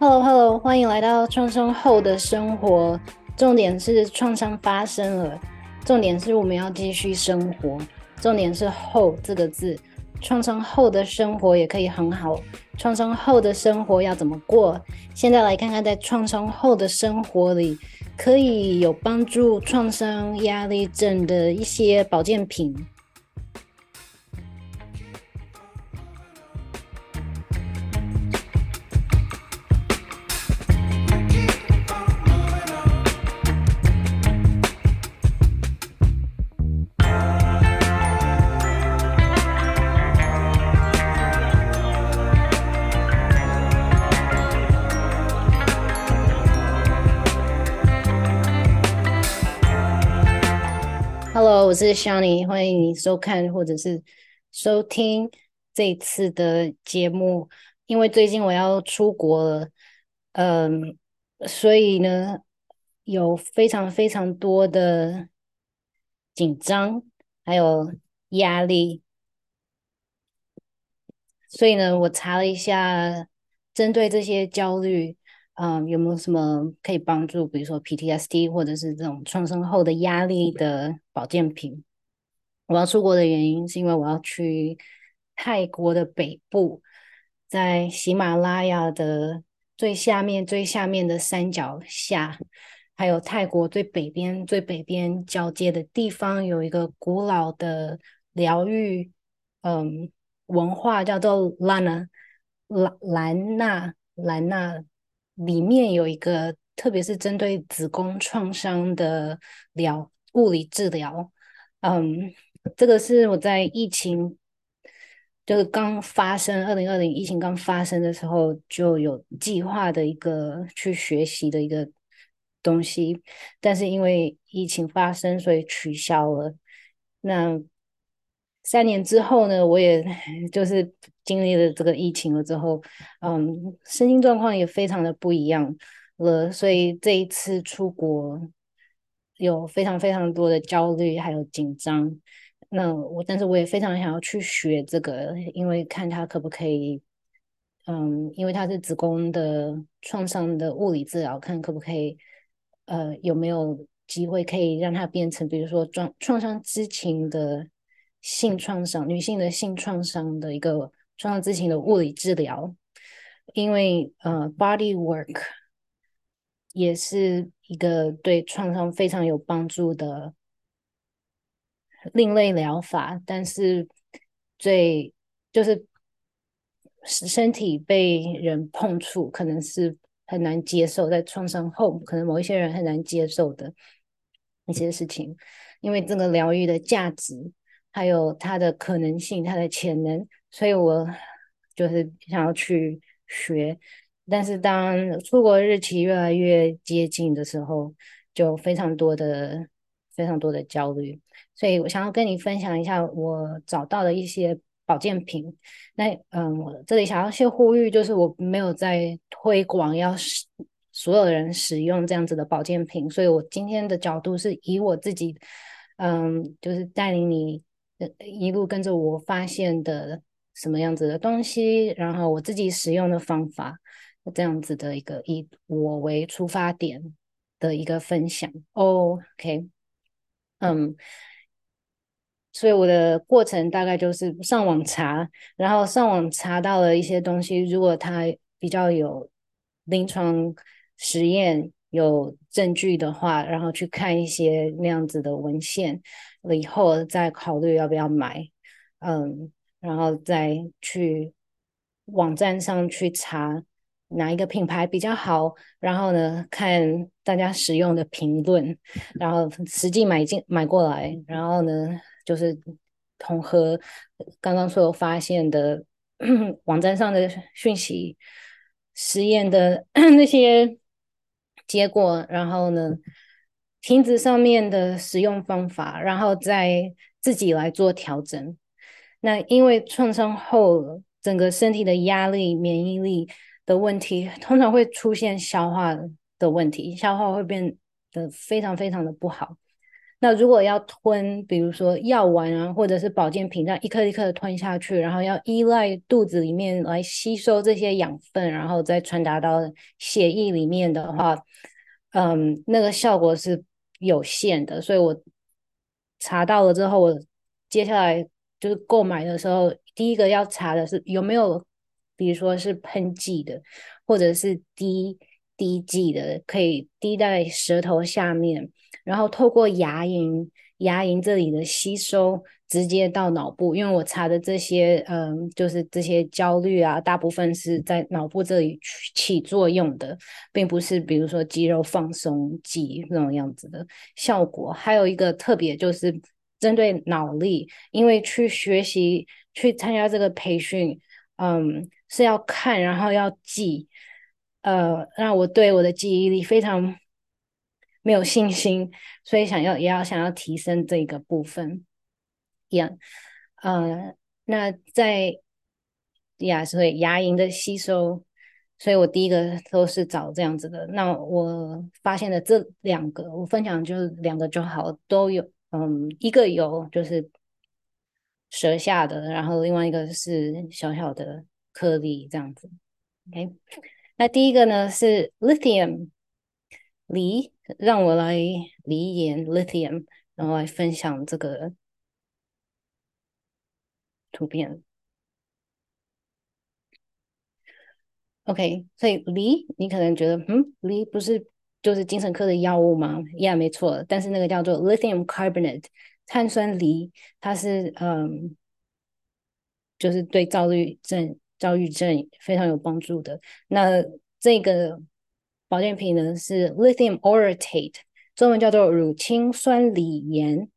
Hello，Hello，hello, 歡迎來到創傷後的生活。重點是創傷發生了，重點是我們要繼續生活，重點是“後”這個字。創傷後的生活也可以很好，創傷後的生活要怎麼過？現在來看看，在創傷後的生活裡，可以有幫助創傷壓力症的一些保健品。是香妮，歡迎你收看或者是收聽這次的節目。因為最近我要出國了，嗯，所以呢有非常非常多的緊張還有壓力，所以呢我查了一下，針對這些焦慮。嗯，有沒有什麼可以幫助？比如說 PTSD 或者是這種創傷後的壓力的保健品？我要出國的原因是因為我要去泰國的北部，在喜馬拉雅的最下面、最下面的山腳下，還有泰國最北邊、最北邊交接的地方，有一個古老的療癒，嗯，文化叫做蘭納蘭納蘭納。裡面有一個，特別是針對子宮創傷的療物理治療，嗯，這個是我在疫情就是剛發生，二零二零疫情剛發生的時候就有計劃的一個去學習的一個東西，但是因為疫情發生，所以取消了。那三年之後呢，我也就是。經歷了這個疫情了之後，嗯，身心狀況也非常的不一樣了，所以這一次出國有非常非常多的焦慮還有緊張。那我，但是我也非常想要去學這個，因為看他可不可以，嗯，因為它是子宮的創傷的物理治療，看可不可以，呃，有沒有機會可以讓它變成，比如說創創傷知情的性創傷，女性的性創傷的一個。創傷之前的物理治療，因為呃，uh，body work 也是一個對創傷非常有幫助的另類療法。但是最就是身體被人碰觸，可能是很難接受。在創傷後，可能某一些人很難接受的一些事情，因為這個療癒的價值，還有它的可能性，它的潛能。所以，我就是想要去學，但是當出國日期越來越接近的時候，就非常多的、非常多的焦慮。所以我想要跟你分享一下我找到的一些保健品。那嗯，我這裡想要先呼籲，就是我沒有在推廣要使所有人使用這樣子的保健品，所以我今天的角度是以我自己，嗯，就是帶領你呃一路跟着我發現的。什麼樣子的東西？然後我自己使用的方法，這樣子的一個以我為出發點的一個分享。Oh, OK，um, 嗯，所以我的過程大概就是上網查，然後上網查到了一些東西，如果它比較有臨床實驗，有證據的話，然後去看一些那樣子的文獻，然後以後再考慮要不要買。嗯、um,。然後再去網站上去查哪一個品牌比較好，然後呢，看大家使用的評論，然後實際買進買過來，然後呢就是統合剛剛所有發現的網站上的訊息、實驗的那些結果，然後呢，瓶子上面的使用方法，然後再自己來做調整。那因為創傷後整個身體的壓力、免疫力的問題，通常會出現消化的問題，消化會變得非常非常的不好。那如果要吞，比如說藥丸啊，或者是保健品，這樣一顆一顆的吞下去，然後要依賴肚子裡面來吸收這些養分，然後再傳達到血液裡面的話，嗯，那個效果是有限的。所以我查到了之後，我接下來。就是購買的時候，第一個要查的是有沒有，比如說是噴劑的，或者是滴滴劑的，可以滴在舌頭下面，然後透過牙齦、牙齦這裡的吸收，直接到腦部。因為我查的這些，嗯，就是這些焦慮啊，大部分是在腦部這裡起作用的，並不是比如說肌肉放鬆劑那種樣子的效果。還有一個特別就是。針對腦力，因為去學習、去參加這個培訓，嗯，是要看，然後要記，呃，讓我對我的記憶力非常沒有信心，所以想要也要想要提升這個部分。一樣，呃，那在牙，所以牙齦的吸收，所以我第一個都是找這樣子的。那我發現的這兩個，我分享就是兩個就好，都有。嗯，一個有就是舌下的，然後另外一個就是小小的顆粒這樣子。OK，那第一個呢是 Lithium，鋰，讓我來鋰鹽 Lithium，然後來分享這個圖片。OK，所以鋰，你可能覺得，嗯，鋰不是。就是精神科的藥物嗎？Yeah，沒錯。但是那個叫做 Lithium Carbonate 碳酸鋰，它是嗯，就是對躁鬱症、躁鬱症非常有幫助的。那這個保健品呢是 Lithium Orotate，中文叫做乳清酸鋰鹽，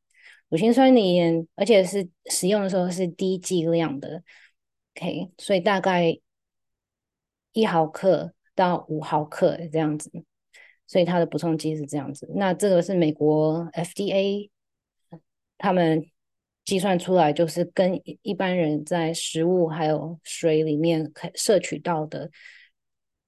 乳清酸鋰鹽，而且是使用的時候是低劑量的，OK，所以大概一毫克到五毫克這樣子。所以它的補充劑是這樣子，那這個是美國 FDA 他們計算出來，就是跟一般人在食物還有水裡面可攝取到的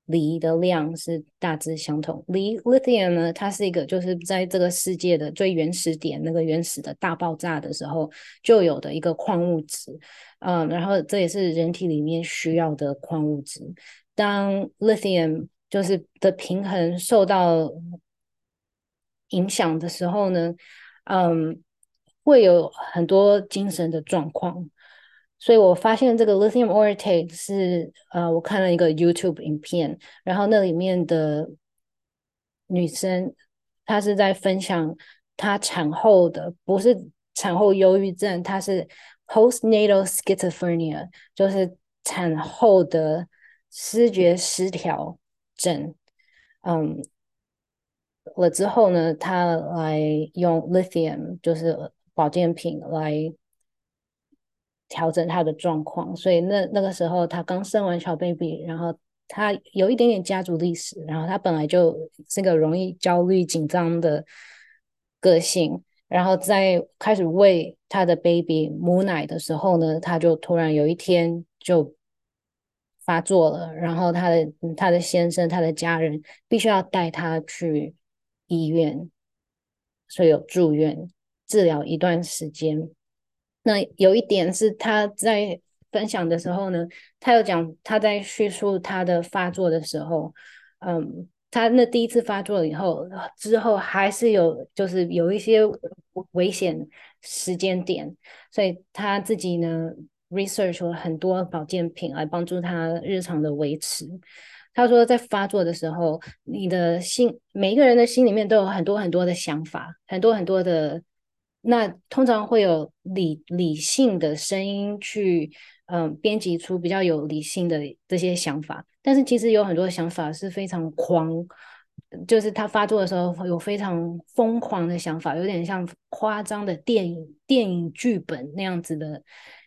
鋰的量是大致相同。鋰 （lithium） 呢，它是一個就是在這個世界的最原始點，那個原始的大爆炸的時候就有的一個礦物質。嗯，然後這也是人體裡面需要的礦物質。當 lithium 就是的平衡受到影響的時候呢，嗯，會有很多精神的狀況。所以我發現這個 lithium orotate 是呃，我看了一個 YouTube 影片，然後那裡面的女生她是在分享她產後的，不是產後憂鬱症，她是 postnatal schizophrenia，就是產後的思覺失調。整，嗯，了之後呢，他來用 Lithium 就是保健品來調整他的狀況。所以那那個時候他剛生完小 baby，然後他有一點點家族歷史，然後他本來就是個容易焦慮緊張的個性，然後在開始餵他的 baby 母奶的時候呢，他就突然有一天就。發作了，然後他的他的先生、他的家人必須要帶他去醫院，所以有住院治療一段時間。那有一點是他在分享的時候呢，他有講他在敘述他的發作的時候，嗯，他那第一次發作以後，之後還是有就是有一些危險時間點，所以他自己呢。research 了很多保健品來幫助他日常的維持。他說，在發作的時候，你的心，每一個人的心裡面都有很多很多的想法，很多很多的。那通常會有理理性的聲音去，嗯、呃，編輯出比較有理性的這些想法。但是其實有很多想法是非常狂，就是他發作的時候有非常瘋狂的想法，有點像誇張的電影電影劇本那樣子的。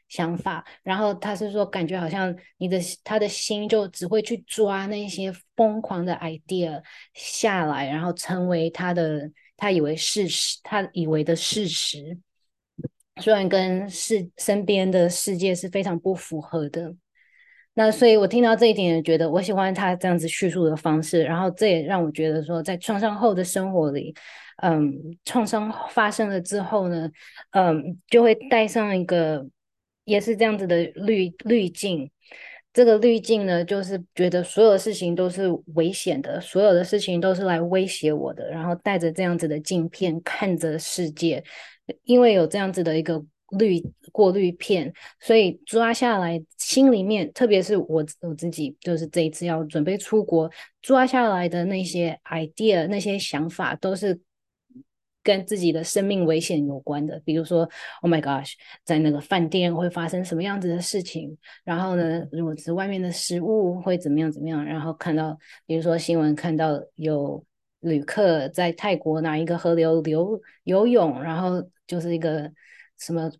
想法，然後他是說，感覺好像你的他的心就只會去抓那些瘋狂的 idea 下來，然後成為他的他以為事實，他以為的事實，雖然跟世身邊的世界是非常不符合的。那所以，我聽到這一點，也覺得我喜歡他這樣子敘述的方式，然後這也讓我覺得說，在創傷後的生活裡，嗯，創傷發生了之後呢，嗯，就會帶上一個。也是這樣子的濾濾鏡，這個濾鏡呢，就是覺得所有事情都是危險的，所有的事情都是來威脅我的，然後帶着這樣子的鏡片看着世界，因為有這樣子的一個濾過濾片，所以抓下來心裡面，特別是我我自己，就是這一次要準備出國，抓下來的那些 idea、那些想法，都是。跟自己的生命危險有關的，比如說，Oh my gosh，在那個飯店會發生什麼樣子的事情？然後呢，如果是外面的食物會怎麼樣怎麼樣？然後看到，比如說新聞看到有旅客在泰國哪一個河流流游泳，然後就是一個什麼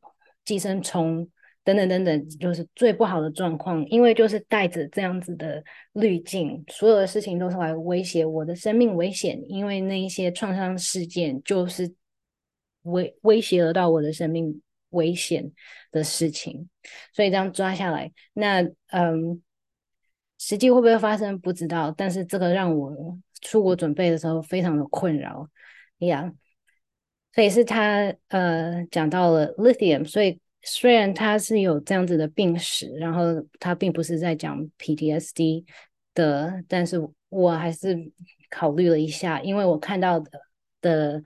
寄生蟲。等等等等，就是最不好的狀況，因為就是帶着這樣子的濾鏡，所有的事情都是來威脅我的生命危險，因為那一些創傷事件就是威威脅到我的生命危險的事情，所以這樣抓下來，那嗯，實際會不會發生不知道，但是這個讓我出國準備的時候非常的困擾，Yeah，所以是他呃講到了 Lithium，所以。雖然他是有這樣子的病史，然後他並不是在講 PTSD 的，但是我還是考慮了一下，因為我看到的，的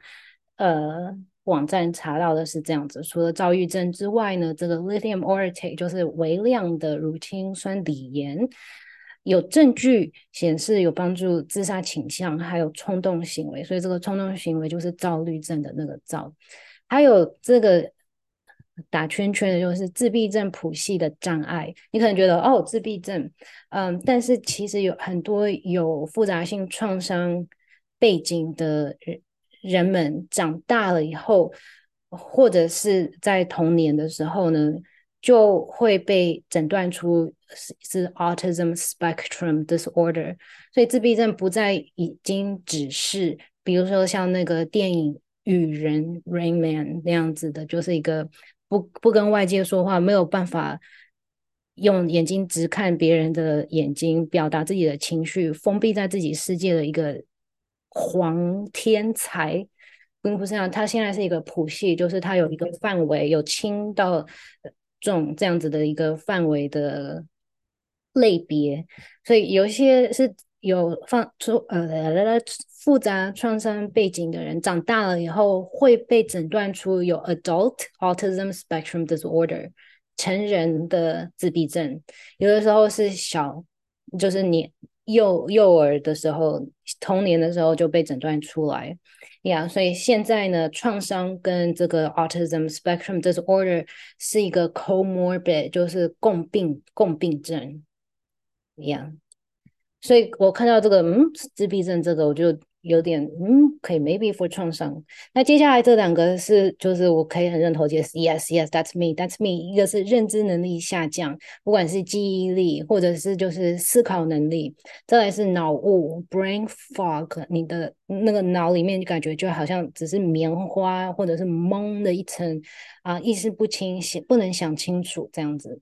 呃網站查到的是這樣子，除了躁鬱症之外呢，這個 Lithium Orate 就是微量的乳清酸鋰鹽，有證據顯示有幫助自殺傾向，還有衝動行為，所以這個衝動行為就是躁鬱症的那個躁，還有這個。打圈圈的就是自閉症譜系的障礙，你可能覺得哦，自閉症，嗯，但是其實有很多有複雜性創傷背景的人人們長大了以後，或者是在童年的時候呢，就會被診斷出是 autism spectrum disorder，所以自閉症不再已經只是，比如說像那個電影《雨人》（Rain Man） 那樣子的，就是一個。不不跟外界說話，沒有辦法用眼睛直看別人的眼睛，表達自己的情緒，封閉在自己世界的一個黃天才，並不是這樣。他現在是一個譜系，就是他有一個範圍，有輕到重這，這樣子的一個範圍的類別，所以有些是有放出呃。複雜創傷背景的人長大了以後會被診斷出有 adult autism spectrum disorder 成人的自閉症。有的時候是小，就是年幼幼兒的時候，童年的時候就被診斷出來。呀、Yeah，所以現在呢，創傷跟這個 autism spectrum disorder 是一個 comorbid，就是共病共病症。一樣，所以我看到這個，嗯，自閉症這個，我就。有點嗯，可以，maybe for 創傷。那接下來這兩個是，就是我可以很認同，就是 yes，yes，that's me，that's me。一個是認知能力下降，不管是記憶力或者是就是思考能力，再來是腦霧 （brain fog），你的那個腦裡面感覺就好像只是棉花或者是蒙的一層啊，意識不清醒，不能想清楚這樣子。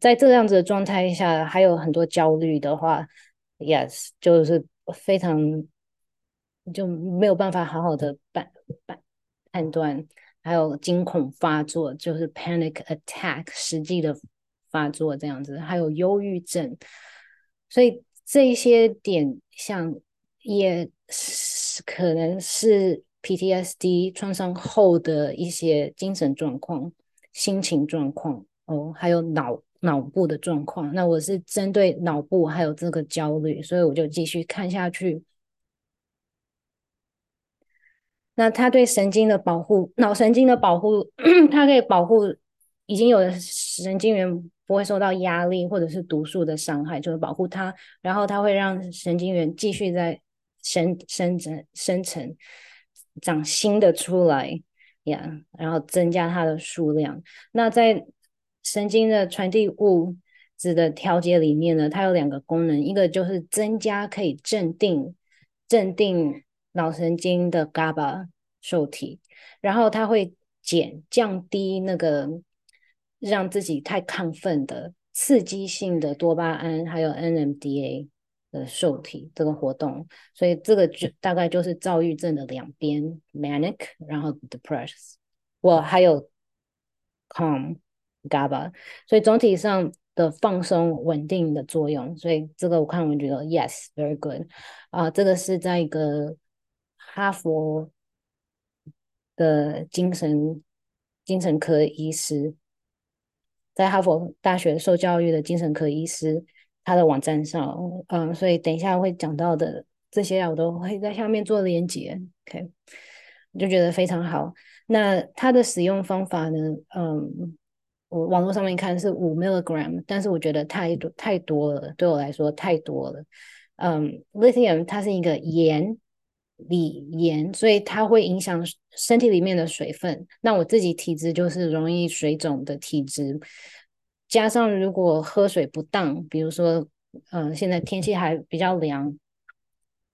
在這樣子的狀態下，還有很多焦慮的話，yes，就是非常。就沒有辦法好好的判辦，判斷，還有驚恐發作，就是 panic attack 實際的發作這樣子，還有憂鬱症，所以這一些點像也是可能是 PTSD 創傷後的一些精神狀況、心情狀況哦，還有腦腦部的狀況。那我是針對腦部還有這個焦慮，所以我就繼續看下去。那它對神經的保護，腦神經的保護，它 可以保護已經有的神經元不會受到壓力或者是毒素的傷害，就是保護它。然後它會讓神經元繼續在生生成生成、長新的出來呀，yeah, 然後增加它的數量。那在神經的傳遞物質的調節裡面呢，它有兩個功能，一個就是增加可以鎮定、鎮定。腦神經的 GABA 受體，然後它會減降低那個讓自己太亢奮的刺激性的多巴胺，還有 NMDA 的受體這個活動，所以這個就大概就是躁鬱症的兩邊 manic，然後 depress，我還有 calm GABA，所以總體上的放鬆穩定的作用，所以這個我看我覺得 yes very good 啊，呃，這個是在一個。哈佛的精神精神科醫師，在哈佛大學受教育的精神科醫師，他的網站上，嗯，所以等一下會講到的這些啊，我都會在下面做連結。OK，我就覺得非常好。那它的使用方法呢？嗯，我網絡上面看是五 milligram，但是我覺得太多太多了，對我來說太多了。嗯，Lithium 它是一個鹽。鋰鹽，所以它會影響身體裡面的水分。那我自己體質就是容易水腫的體質，加上如果喝水不當，比如說，嗯，現在天氣還比較涼，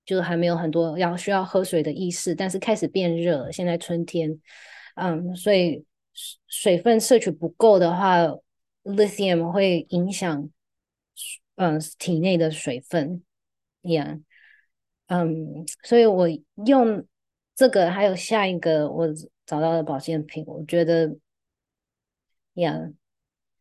就是還沒有很多要需要喝水的意識，但是開始變熱，現在春天，嗯，所以水分攝取不夠的話，lithium 會影響，嗯，體內的水分，鹽、yeah.。嗯，所以我用這個，還有下一個我找到的保健品，我覺得呀，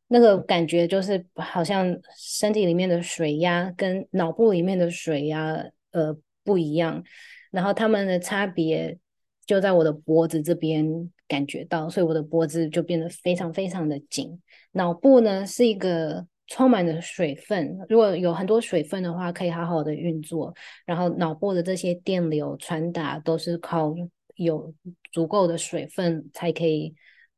那個感覺就是好像身體裡面的水壓跟腦部裡面的水壓，呃，不一樣，然後它們的差別就在我的脖子這邊感覺到，所以我的脖子就變得非常非常的緊，腦部呢是一個。充滿了水分，如果有很多水分的話，可以好好的運作。然後腦部的這些電流傳達都是靠有足夠的水分才可以，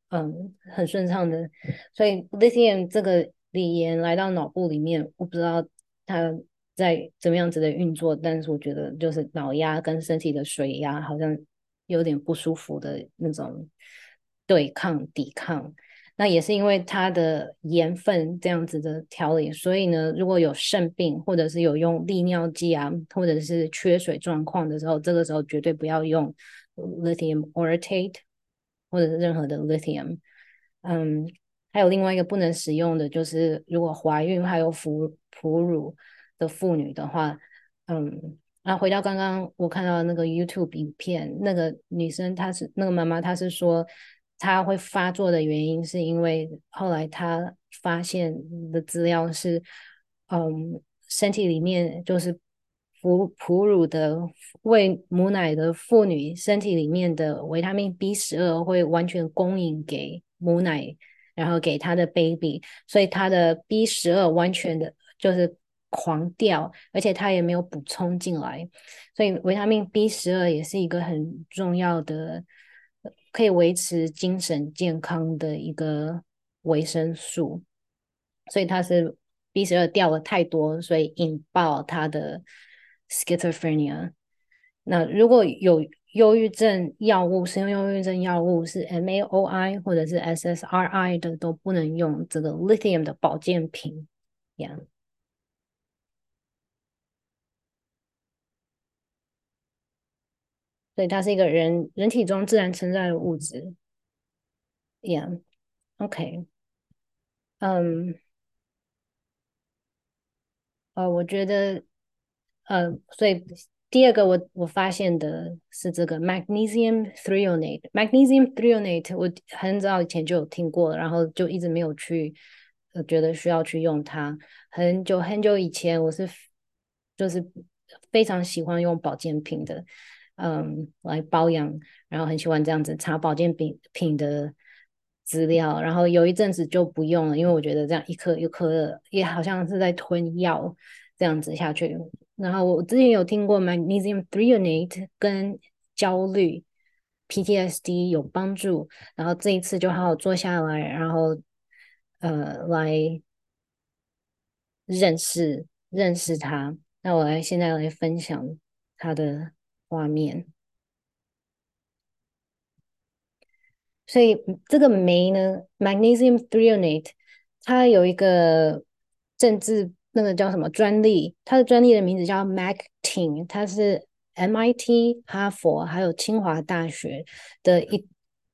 嗯，很順暢的。所以 lithium 這個鋰鹽來到腦部裡面，我不知道它在怎麼樣子的運作，但是我覺得就是腦壓跟身體的水壓好像有點不舒服的那種對抗抵抗。那、啊、也是因為它的鹽分這樣子的調理，所以呢，如果有腎病或者是有用利尿劑啊，或者是缺水狀況的時候，這個時候絕對不要用 lithium orotate 或者是任何的 lithium。嗯，還有另外一個不能使用的，就是如果懷孕還有哺哺乳的婦女的話，嗯，那、啊、回到剛剛我看到那個 YouTube 影片，那個女生她是那個媽媽，她是說。他會發作的原因是因為後來他發現的資料是，嗯，身體裡面就是哺哺乳的、餵母奶的婦女身體裡面的維他命 B 十二會完全供應給母奶，然後給他的 baby，所以他的 B 十二完全的就是狂掉，而且他也沒有補充進來，所以維他命 B 十二也是一個很重要的。可以維持精神健康的一個維生素，所以它是 B 十二掉了太多，所以引爆它的 schizophrenia。那如果有憂鬱症藥物，使用憂鬱症藥物是 MAOI 或者是 SSRI 的，都不能用這個 lithium 的保健品。y、Yeah. 所以它是一個人人體中自然存在的物質。Yeah, OK。嗯，哦，我覺得，呃、uh，所以第二個我我發現的是這個 magnesium threonate magnesium threonate 我很早以前就有聽過，然後就一直沒有去，呃，覺得需要去用它。很久很久以前，我是就是非常喜歡用保健品的。嗯，來保、um, like, 養，然後很喜歡這樣子查保健品品的資料，然後有一陣子就不用了，因為我覺得這樣一顆一顆的也好像是在吞藥，這樣子下去。然後我之前有聽過 Magnesium Threonate 跟焦慮 PTSD 有幫助，然後這一次就好好坐下來，然後呃來認識認識他，那我來現在來分享他的。畫面。所以這個鎂呢，Magnesium Threonate，它有一個政治那個叫什麼專利？它的專利的名字叫 Magtein，它是 MIT、哈佛還有清華大學的一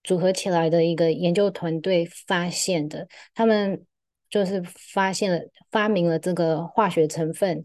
組合起來的一個研究團隊發現的。他們就是發現了，發明了這個化學成分。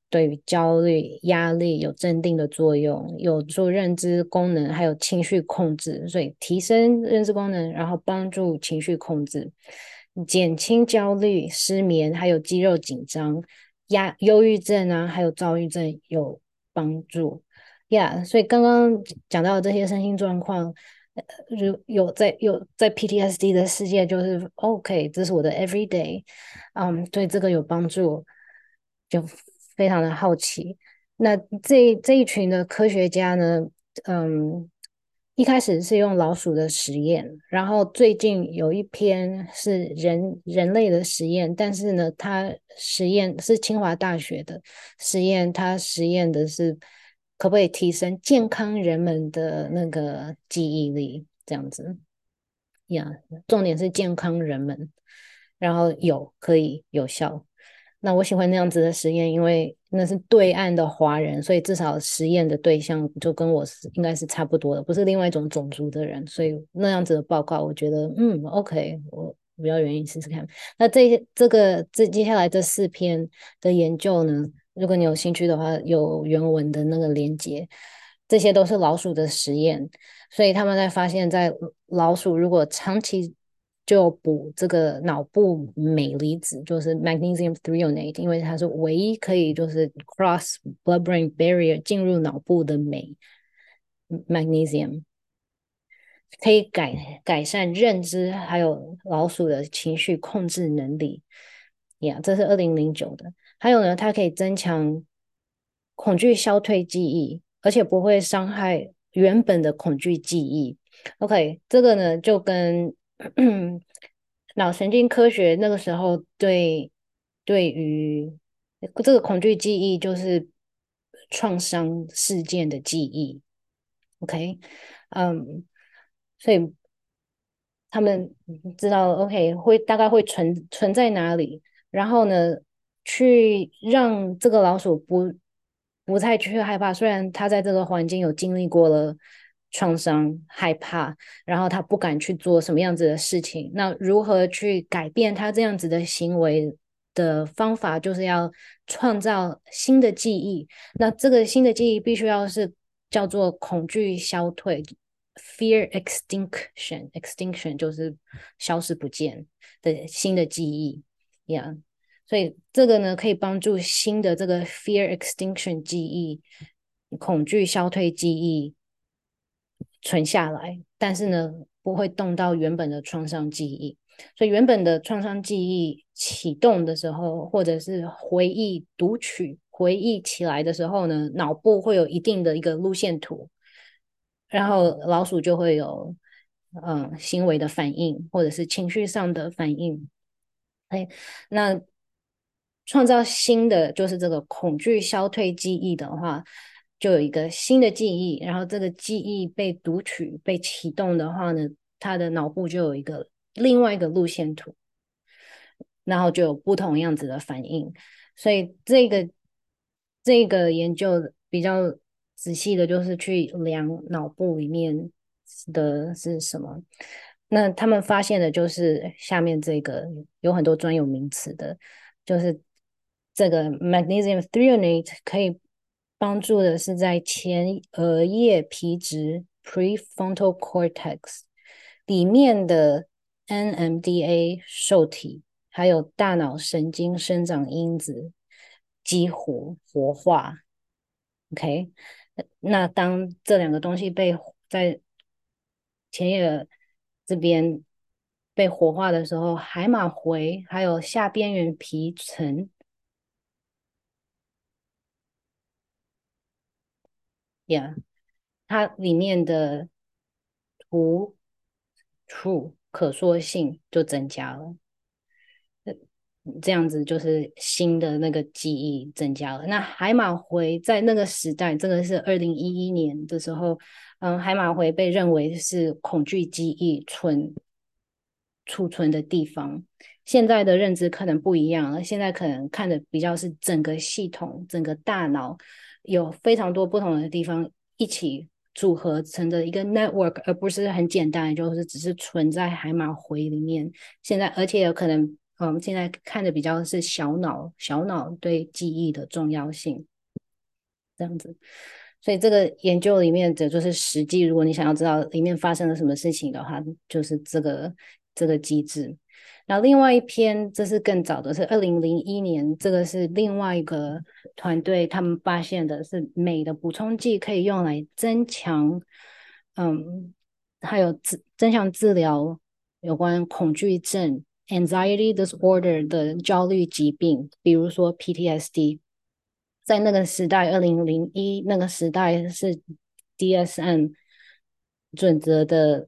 對於焦慮、壓力有鎮定的作用，有助認知功能，還有情緒控制。所以提升認知功能，然後幫助情緒控制，減輕焦慮、失眠，還有肌肉緊張、壓、憂鬱症啊，還有躁鬱症有幫助。Yeah，所以剛剛講到的這些身心狀況，如有在有在 PTSD 的世界，就是 OK，這是我的 everyday，um。嗯，對這個有幫助，就。非常的好奇，那這這一群的科學家呢，嗯，一開始是用老鼠的實驗，然後最近有一篇是人人類的實驗，但是呢，他實驗是清華大學的實驗，他實驗的是可不可以提升健康人們的那個記憶力，這樣子呀，yeah, 重點是健康人們，然後有可以有效。那我喜歡那樣子的實驗，因為那是對岸的華人，所以至少實驗的對象就跟我是應該是差不多的，不是另外一種種族的人，所以那樣子的報告，我覺得嗯，OK，我比較願意試試看。那這些這個這接下來這四篇的研究呢，如果你有興趣的話，有原文的那個連接，這些都是老鼠的實驗，所以他們在發現，在老鼠如果長期。就補這個腦部鎂離子，就是 magnesium threonate，因為它是唯一可以就是 cross blood-brain barrier 進入腦部的鎂 magnesium，可以改改善認知，還有老鼠的情緒控制能力。呀、yeah，這是二零零九的。還有呢，它可以增強恐懼消退記憶，而且不會傷害原本的恐懼記憶。OK，這個呢就跟嗯，腦 神經科學那個時候對對於這個恐懼記憶，就是創傷事件的記憶，OK，嗯、um,，所以他們知道了 OK 會大概會存存在哪裡，然後呢，去讓這個老鼠不不太去害怕，雖然它在這個環境有經歷過了。創傷、害怕，然後他不敢去做什麼樣子的事情。那如何去改變他這樣子的行為的方法，就是要創造新的記憶。那這個新的記憶必須要是叫做恐懼消退 （Fear extinction），extinction Ext 就是消失不見的新的記憶。一樣，所以這個呢可以幫助新的這個 Fear extinction 記憶，恐懼消退記憶。存下來，但是呢，不會動到原本的創傷記憶。所以，原本的創傷記憶啟動的時候，或者是回憶讀取、回憶起來的時候呢，腦部會有一定的一個路線圖，然後老鼠就會有嗯、呃、行為的反應，或者是情緒上的反應。哎，那創造新的就是這個恐懼消退記憶的話。就有一個新的記憶，然後這個記憶被讀取、被啟動的話呢，他的腦部就有一個另外一個路線圖，然後就有不同樣子的反應。所以這個這個研究比較仔細的，就是去量腦部裡面的是什麼。那他們發現的就是下面這個有很多專有名詞的，就是這個 Magnesium Threonate 可以。幫助的是在前額葉皮質 （prefrontal cortex） 裡面的 NMDA 受體，還有大腦神經生長因子激活、活化。OK，那當這兩個東西被在前額這邊被活化的時候，海馬回還有下邊緣皮層。Yeah. 它裡面的突觸可塑性就增加了，這樣子就是新的那個記憶增加了。那海馬回在那個時代，真的是二零一一年的時候，嗯，海馬回被認為是恐懼記憶存儲存的地方。現在的認知可能不一樣了，現在可能看的比較是整個系統、整個大腦。有非常多不同的地方一起組合成的一個 network，而不是很簡單，就是只是存在海馬回裡面。現在，而且有可能，我、嗯、們現在看的比較是小腦，小腦對記憶的重要性這樣子。所以這個研究裡面，的就是實際。如果你想要知道裡面發生了什麼事情的話，就是這個這個機制。.那另外一篇，這是更早的是，是二零零一年，這個是另外一個團隊他們發現的，是鎂的補充劑可以用來增強，嗯，還有治增強治療有關恐懼症 （anxiety disorder） 的焦慮疾病，比如說 PTSD。在那個時代，二零零一那個時代是 DSM 準則的。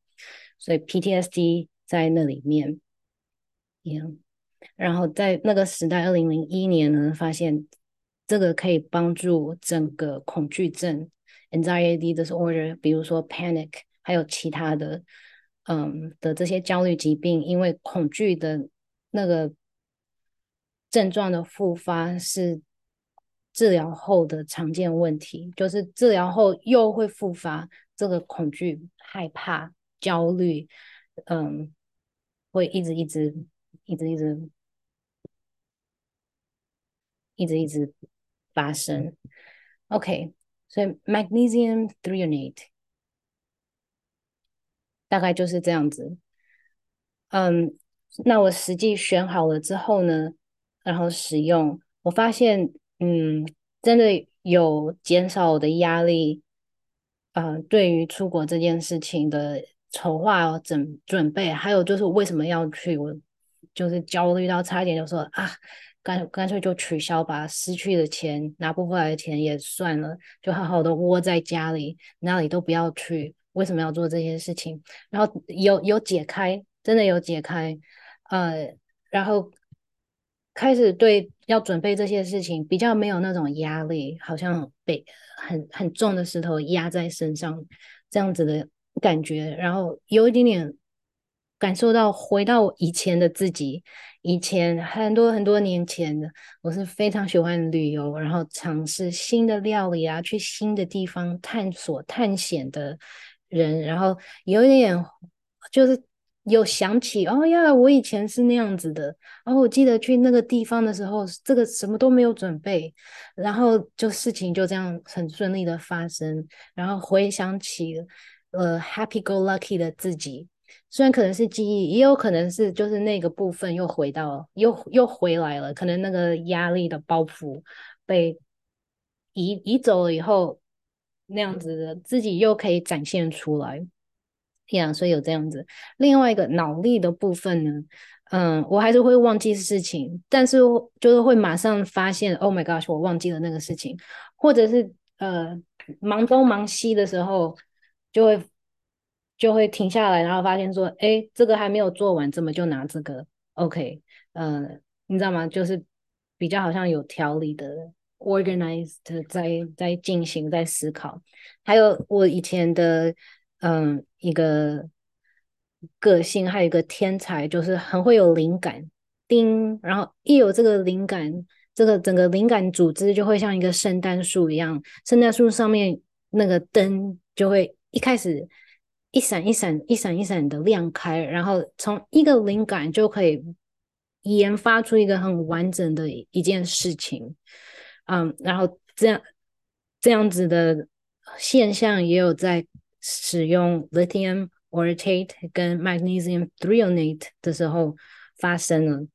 所以 PTSD 在那裡面，一樣，然後在那個時代，二零零一年呢，發現這個可以幫助整個恐懼症 （anxiety disorder），比如說 panic，還有其他的，嗯的這些焦慮疾病，因為恐懼的那個症狀的復發是治療後的常見問題，就是治療後又會復發，這個恐懼害怕。焦慮，嗯，會一直一直一直一直一直一直發生。OK，所以 Magnesium Threonate 大概就是這樣子。嗯，那我實際選好了之後呢，然後使用，我發現，嗯，真的有減少我的壓力。嗯、呃，對於出國這件事情的。籌劃哦，準準備，還有就是為什麼要去？我就是焦慮到差一點就說啊，乾乾脆就取消吧，失去的錢、拿不回來的錢也算了，就好好的窩在家裡，哪裡都不要去。為什麼要做這些事情？然後有有解開，真的有解開，呃，然後開始對要準備這些事情比較沒有那種壓力，好像被很很重的石頭壓在身上，這樣子的。感覺，然後有一點點感受到回到以前的自己，以前很多很多年前的，我是非常喜歡旅遊，然後嘗試新的料理啊，去新的地方探索探險的人，然後有一點點就是有想起，哦呀， oh、yeah, 我以前是那樣子的，然後我記得去那個地方的時候，這個什麼都沒有準備，然後就事情就這樣很順利的發生，然後回想起。呃，Happy Go Lucky 的自己，雖然可能是記憶，也有可能是就是那個部分又回到了，又又回來了。可能那個壓力的包袱被移移走了以後，那樣子的自己又可以展現出來。一樣，所以有這樣子。另外一個腦力的部分呢，嗯、呃，我還是會忘記事情，但是就是會馬上發現，Oh my gosh，我忘記了那個事情，或者是呃，忙東忙西的時候。就會就會停下來，然後發現說：“誒，這個還沒有做完，怎麼就拿這個？”OK，嗯、呃，你知道嗎？就是比較好像有條理的 organized 在在進行在思考。還有我以前的嗯、呃、一個個性，還有一個天才，就是很會有靈感。叮，然後一有這個靈感，這個整個靈感組織就會像一個聖誕樹一樣，聖誕樹上面那個燈就會。一開始一閃一閃一閃一閃的亮開，然後從一個靈感就可以研發出一個很完整的一件事情，嗯，然後這樣這樣子的現象也有在使用 lithium orotate 跟 magnesium threonate 的時候發生了，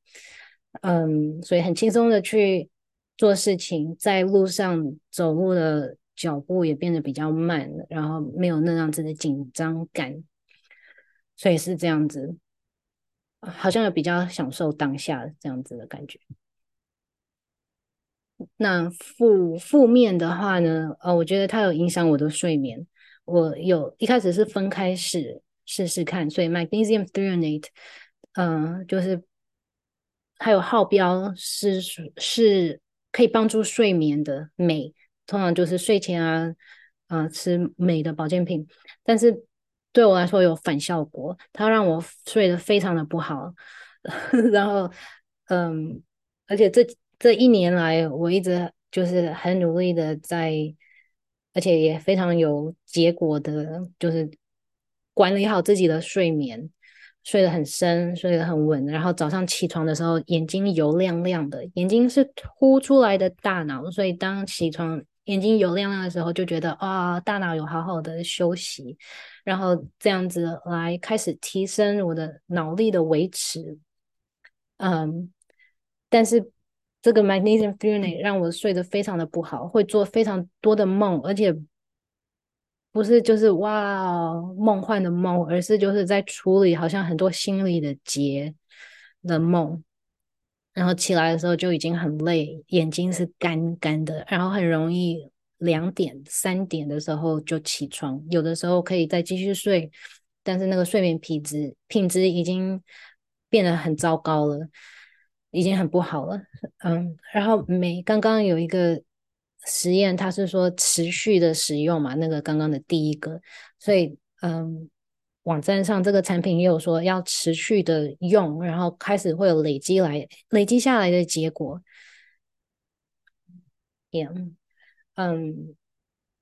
嗯，所以很輕鬆的去做事情，在路上走路的，腳步也變得比較慢，然後沒有那樣子的緊張感，所以是這樣子，好像有比較享受當下這樣子的感覺。那負負面的話呢？呃，我覺得它有影響我的睡眠。我有一開始是分開試試試看，所以 Magnesium Threonate，嗯、呃，就是還有號標是是可以幫助睡眠的鎂。通常就是睡前啊，啊、呃、吃鎂的保健品，但是對我來說有反效果，它讓我睡得非常的不好。呵呵然後，嗯，而且這這一年來，我一直就是很努力的在，而且也非常有結果的，就是管理好自己的睡眠，睡得很深，睡得很穩，然後早上起床的時候眼睛油亮亮的，眼睛是凸出來的大腦，所以當起床。眼睛有亮亮的時候，就覺得啊、哦，大腦有好好的休息，然後這樣子來開始提升我的腦力的維持。嗯，但是這個 magnesium threonate 讓我睡得非常的不好，會做非常多的夢，而且不是就是哇夢幻的夢，而是就是在處理好像很多心理的結的夢。然後起來的時候就已經很累，眼睛是干干的，然後很容易兩點三點的時候就起床，有的時候可以再繼續睡，但是那個睡眠品質品質已經變得很糟糕了，已經很不好了，嗯，然後每剛剛有一個實驗，它是說持續的使用嘛，那個剛剛的第一個，所以嗯。網站上這個產品也有說要持續的用，然後開始會有累積來累積下來的結果。也，嗯，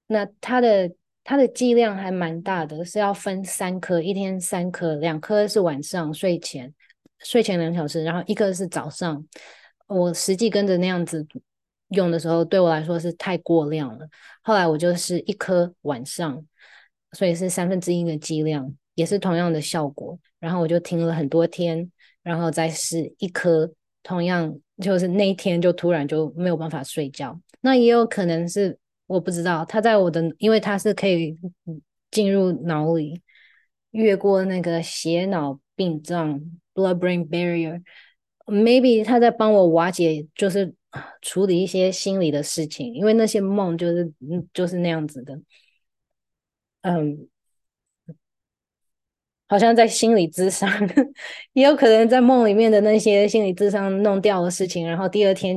那它的它的劑量還蠻大的，是要分三顆，一天三顆，兩顆是晚上睡前睡前兩小時，然後一顆是早上。我實際跟着那樣子用的時候，對我來說是太過量了。後來我就是一顆晚上，所以是三分之一的劑量。也是同樣的效果，然後我就停了很多天，然後再試一顆，同樣就是那一天就突然就沒有辦法睡覺。那也有可能是我不知道，它在我的，因為它是可以進入腦裡，越過那個血腦屏障 （blood-brain barrier），maybe 它在幫我瓦解，就是處理一些心理的事情，因為那些夢就是就是那樣子的，嗯、um,。好像在心理諮商， 也有可能在夢裡面的那些心理諮商弄掉的事情，然後第二天，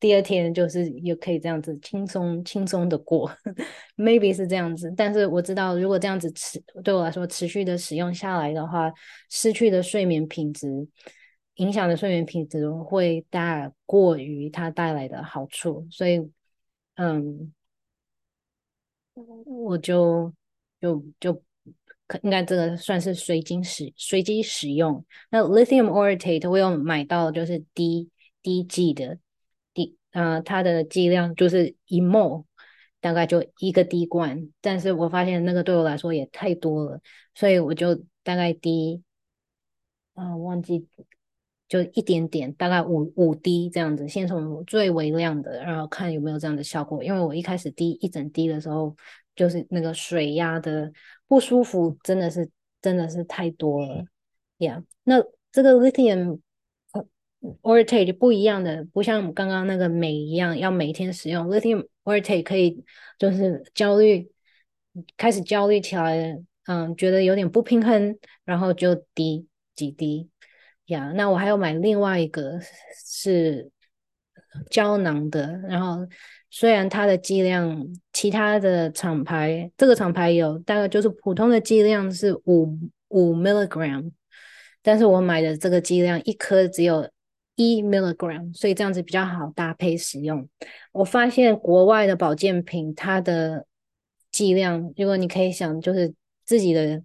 第二天就是也可以這樣子輕鬆輕鬆的過 ，maybe 是這樣子。但是我知道，如果這樣子持對我來說持續的使用下來的話，失去的睡眠品質影響的睡眠品質會大過於它帶來的好處，所以，嗯，我就就就。就可應該這個算是隨機使隨機使用。那 Lithium Orotate 我有買到，就是滴滴劑的滴，啊、呃，它的劑量就是一 m all, 大概就一個滴管。但是我發現那個對我來說也太多了，所以我就大概滴、呃，啊忘記就一點點，大概五五滴這樣子。先從最微量的，然後看有沒有這樣的效果。因為我一開始滴一整滴的時候，就是那個水壓的。不舒服真的是真的是太多了，呀，yeah。那這個 lithium, uh, orotate 不一樣的，不像剛剛那個鎂一樣要每天使用，lithium orotate 可以就是焦慮開始焦慮起來，嗯，覺得有點不平衡，然後就滴幾滴，呀，yeah。那我還要買另外一個是膠囊的，然後。雖然它的劑量，其他的廠牌，這個廠牌有大概就是普通的劑量是五五 milligram，但是我買的這個劑量一顆只有一 milligram，所以這樣子比較好搭配使用。我發現國外的保健品它的劑量，如果你可以想就是自己的。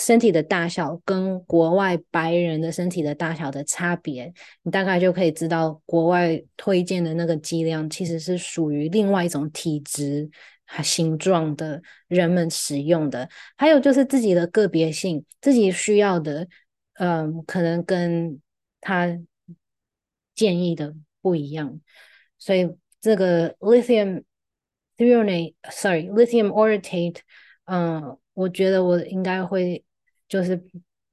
身體的大小跟國外白人的身體的大小的差別，你大概就可以知道國外推薦的那個劑量其實是屬於另外一種體質和形狀的人們使用的。還有就是自己的個別性，自己需要的，嗯，可能跟他建議的不一樣。所以這個 lithium threonate，sorry lithium orotate，嗯，我覺得我應該會。就是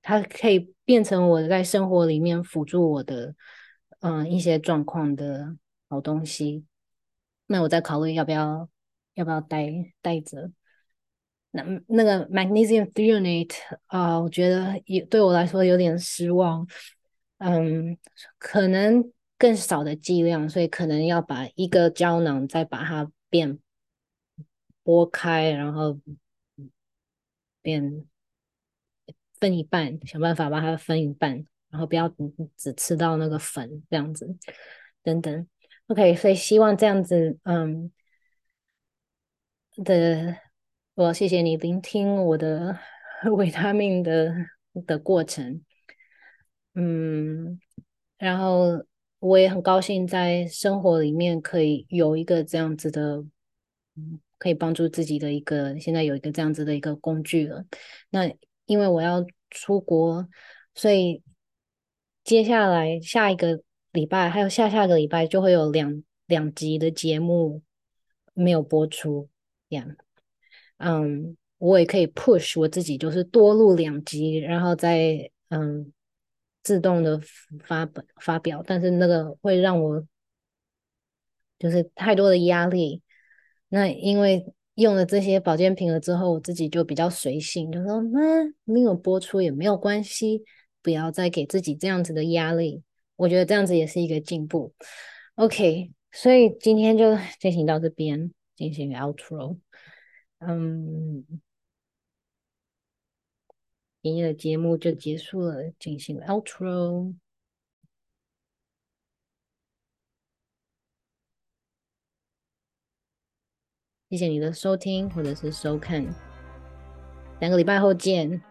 它可以變成我在生活裡面輔助我的，嗯、呃，一些狀況的好東西。那我在考慮要不要要不要帶帶着。那那個 magnesium threonate 啊、呃，我覺得也對我來說有點失望。嗯，可能更少的劑量，所以可能要把一個膠囊再把它變剝開，然後變。分一半，想辦法把它分一半，然後不要只吃到那個粉，這樣子，等等。OK，所以希望這樣子，嗯的，我、哦、謝謝你聆聽我的維他命的的過程，嗯，然後我也很高興在生活裡面可以有一個這樣子的，可以幫助自己的一個，現在有一個這樣子的一個工具了，那。因為我要出國，所以接下來下一個禮拜還有下下個禮拜就會有兩兩集的節目沒有播出。這樣，嗯，我也可以 push 我自己，就是多錄兩集，然後再嗯、um, 自動的發發表，但是那個會讓我就是太多的壓力。那因為。用了這些保健品了之後，我自己就比較隨性，就說，嗯、啊，沒有播出也沒有關係，不要再給自己這樣子的壓力。我覺得這樣子也是一個進步。OK，所以今天就進行到這邊，進行 outro。嗯，今天的節目就結束了，進行 outro。謝謝你的收聽或者是收看，兩個禮拜後見。